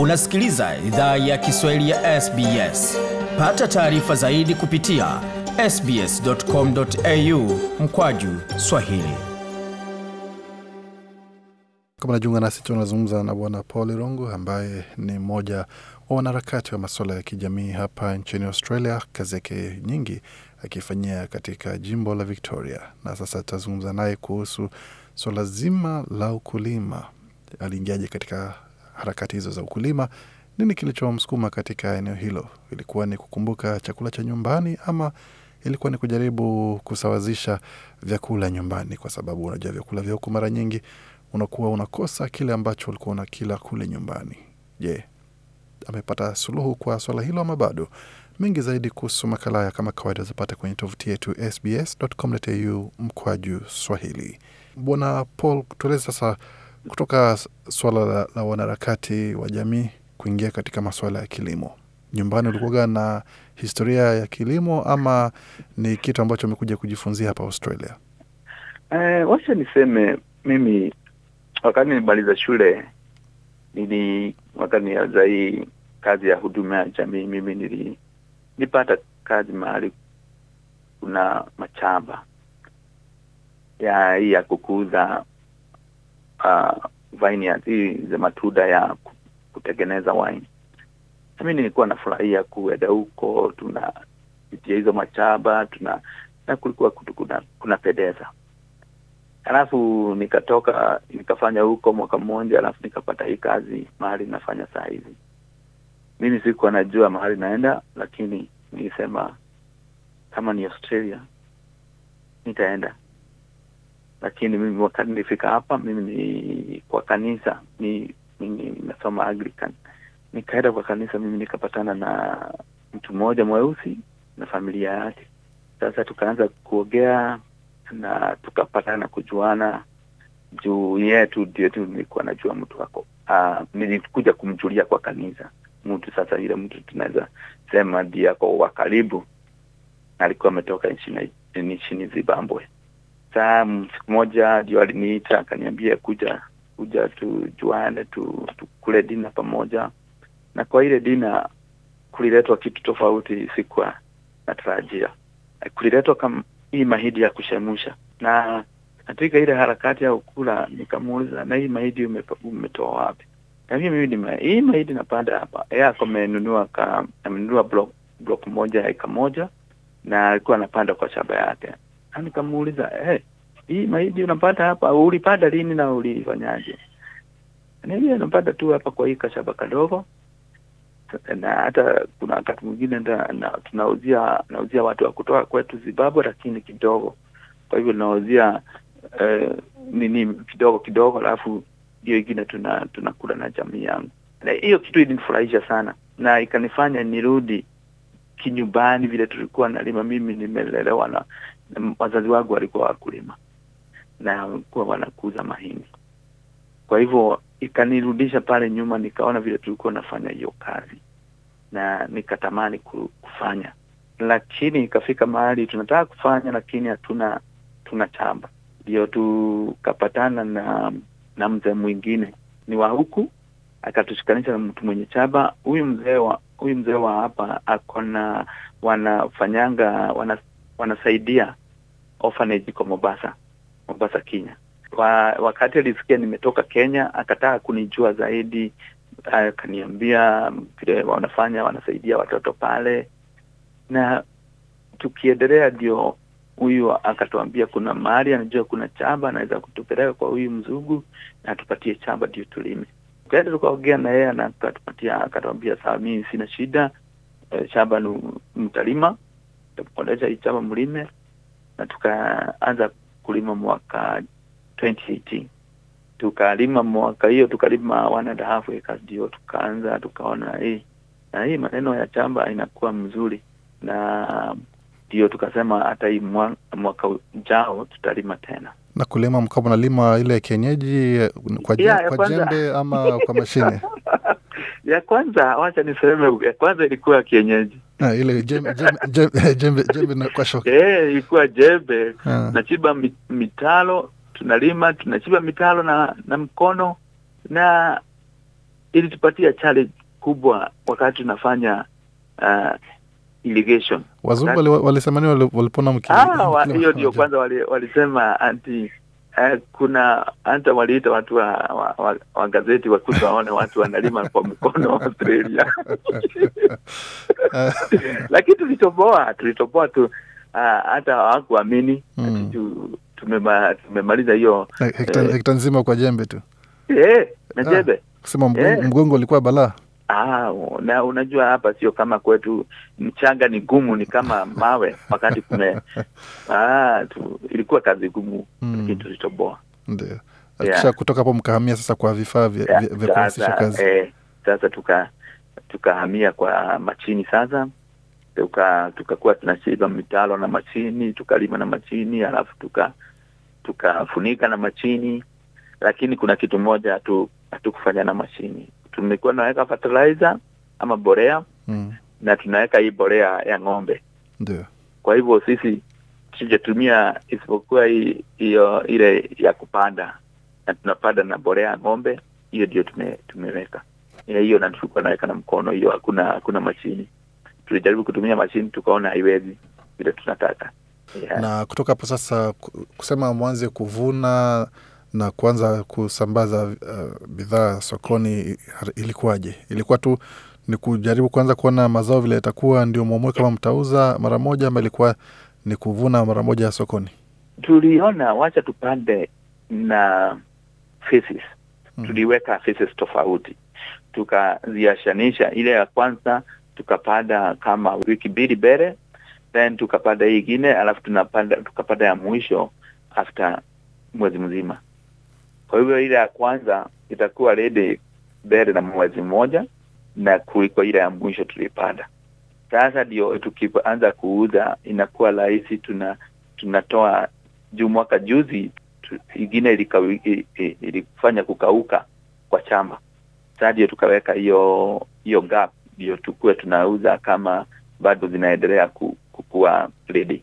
Unasikiliza idhaa ya Kiswahili ya SBS. Pata taarifa zaidi kupitia sbs.com.au mkwaju swahili. Kama najiunga nasi, tunazungumza na Bwana Paul Rongo ambaye ni mmoja wa wanaharakati wa masuala ya kijamii hapa nchini Australia, kazi yake nyingi akifanyia katika jimbo la Victoria, na sasa tutazungumza naye kuhusu swala so zima la ukulima. Aliingiaje katika harakati hizo za ukulima. Nini kilichomsukuma katika eneo hilo? Ilikuwa ni kukumbuka chakula cha nyumbani ama ilikuwa ni kujaribu kusawazisha vyakula nyumbani? Kwa sababu unajua vyakula vya huku mara nyingi unakuwa unakosa kile ambacho ulikuwa unakila kule nyumbani. Je, amepata suluhu kwa swala hilo ama bado? Mengi zaidi kuhusu makala haya kama kawaida zapata kwenye tovuti yetu sbs.com.au mkwaju Swahili. Bwana Paul, tueleze sasa kutoka swala la, la wanaharakati wa jamii kuingia katika masuala ya kilimo nyumbani mm-hmm. ulikuwaga na historia ya kilimo ama ni kitu ambacho umekuja kujifunzia hapa Australia? Eh, wacha niseme mimi wakati nilimaliza shule nili wakati hii kazi ya huduma ya jamii, mimi nili kazi mahali kuna machamba ya hii ya kukuza uh, vineyard za matunda ya kutengeneza wine. Na mimi nilikuwa nafurahia kuenda huko, tunapitia hizo machaba tuna na kulikuwa kuna, kuna pedeza. Halafu nikatoka nikafanya huko mwaka mmoja, halafu nikapata hii kazi mahali nafanya saa hizi. Mimi sikuwa najua mahali naenda, lakini nilisema kama ni Australia nitaenda lakini mimi wakati nilifika hapa mimi ni kwa kanisa ni mimi nasoma Anglican. Nikaenda kwa kanisa mimi nikapatana na mtu mmoja mweusi na familia yake. Sasa tukaanza kuogea na tukapatana kujuana juu yetu ndio tu nilikuwa najua mtu wako. Ah, nilikuja kumjulia kwa kanisa mtu sasa, ile mtu tunaweza sema ndiye ako wa karibu, alikuwa ametoka nchini Zimbabwe saa siku moja ndio aliniita akaniambia kuja kuja tujuane tu, tukule dina pamoja, na kwa ile dina kuliletwa kitu tofauti, sikuwa natarajia. Kuliletwa kama hii mahidi ya kushemusha, na katika ile harakati ya ukula nikamuuliza, na hii mahidi umetoa wapi? Kaambia mimi nime hii mahidi napanda hapa. Yeye ka amenunua block block moja eka moja, na alikuwa anapanda kwa shamba yake na yaani nikamuuliza eh, hii mahindi unapata hapa ulipata lini na ulifanyaje? Niambia napata tu hapa kwa hii kashaba kadogo, na hata kuna wakati mwingine na, tunauzia nauzia watu wa kutoka kwetu Zimbabwe, lakini kidogo. Kwa hivyo tunauzia eh, nini kidogo kidogo, alafu hiyo ingine tuna tunakula na jamii yangu. Hiyo kitu ilinifurahisha sana na ikanifanya nirudi kinyumbani vile tulikuwa nalima. Mimi nimelelewa na wazazi wangu walikuwa wakulima na kuwa wanakuza mahindi, kwa hivyo ikanirudisha pale nyuma, nikaona vile tulikuwa nafanya hiyo kazi na nikatamani kufanya, lakini ikafika mahali tunataka kufanya, lakini hatuna tuna chamba. Ndio tukapatana na na mzee mwingine ni wa huku, akatushikanisha na mtu mwenye chamba. Huyu mzee wa huyu mzee wa hapa akona wanafanyanga wana, wanasaidia orphanage kwa Mombasa, Mombasa Kenya. Kwa wakati alisikia nimetoka Kenya akataka kunijua zaidi, akaniambia vile wanafanya wanasaidia watoto pale, na tukiendelea ndio huyu akatuambia kuna mahali anajua kuna chamba anaweza kutupeleka kwa huyu mzungu na atupatie chamba ndio tulime. Tukaenda tukaongea na yeye na akatupatia, akatuambia sawa, mimi sina shida, chamba eh, mtalima, takuonyesha hii chamba mlime na tukaanza kulima mwaka 2018 tukalima mwaka hiyo tukalima one and half acres, ndio tukaanza tukaona hii eh, na hii maneno ya chamba inakuwa mzuri, na ndio tukasema hata hii mwaka ujao tutalima tena. Na kulima mkaa mnalima ile kienyeji eh, kwa, jem, yeah, kwa jembe ama kwa mashine? ya kwanza, wacha niseme, ya kwanza ilikuwa kienyeji na ile jembe jembe na kwa shoka eh, ilikuwa jembe ah. nachimba mitalo, tunalima tunachiba mitalo na na mkono, na ilitupatia challenge kubwa wakati tunafanya uh, irrigation. Wazungu walisema walisemani walipona mkini, ah, hiyo ndio kwanza walisema anti eh, kuna hata waliita watu wa, wa, wa, wa gazeti wakuta waone watu wanalima kwa mkono wa Australia lakini tulitoboa, tulitoboa tu ah, hata uh, hawakuamini mm. Tumema, tumemaliza hiyo hekta, eh, nzima kwa jembe tu eh, na ah, jembe ah, kusema eh. mgongo ulikuwa balaa Ah, na unajua hapa sio kama kwetu, mchanga ni gumu, ni kama mawe wakati kume ah, tu, ilikuwa kazi gumu mm. Lakini tulitoboa ndio yeah. kutoka hapo mkahamia sasa kwa vifaa vya, yeah, vya kurahisisha kazi eh, sasa tuka tukahamia kwa machini sasa tuka tukakuwa tunachimba mitalo na machini tukalima na machini alafu tuka tukafunika na machini, lakini kuna kitu moja hatukufanya na machini tumekuwa naweka fertilizer ama borea mm. na tunaweka hii borea ya ng'ombe ndio kwa hivyo sisi tujatumia isipokuwa hiyo ile ya kupanda na tunapanda na borea ya ng'ombe hiyo ndio tume, tumeweka hiyo na naweka na mkono hiyo hakuna hakuna mashini tulijaribu kutumia mashini tukaona haiwezi vile tunataka yeah. na kutoka hapo sasa kusema mwanze kuvuna na kuanza kusambaza uh, bidhaa sokoni ilikuwaje? Ilikuwa tu ni kujaribu kuanza kuona mazao vile yatakuwa, ndio mwamue kama mtauza mara moja ama ilikuwa ni kuvuna mara moja ya sokoni? Tuliona wacha tupande na phases. Mm. Mm-hmm. Tuliweka phases tofauti tukaziashanisha, ile ya kwanza tukapanda kama wiki mbili mbele, then tukapanda hii ingine, alafu tunapanda tukapanda ya mwisho after mwezi mzima. Kwa hivyo ile ya kwanza itakuwa redi mbele na mwezi mmoja na kuliko ile ya mwisho tulipanda. Sasa ndio tukianza kuuza inakuwa rahisi, tuna tunatoa juu. Mwaka juzi ingine ilifanya kukauka kwa chamba sasa ndio tukaweka hiyo hiyo gap, ndio tukuwe tunauza kama bado zinaendelea kukua ready.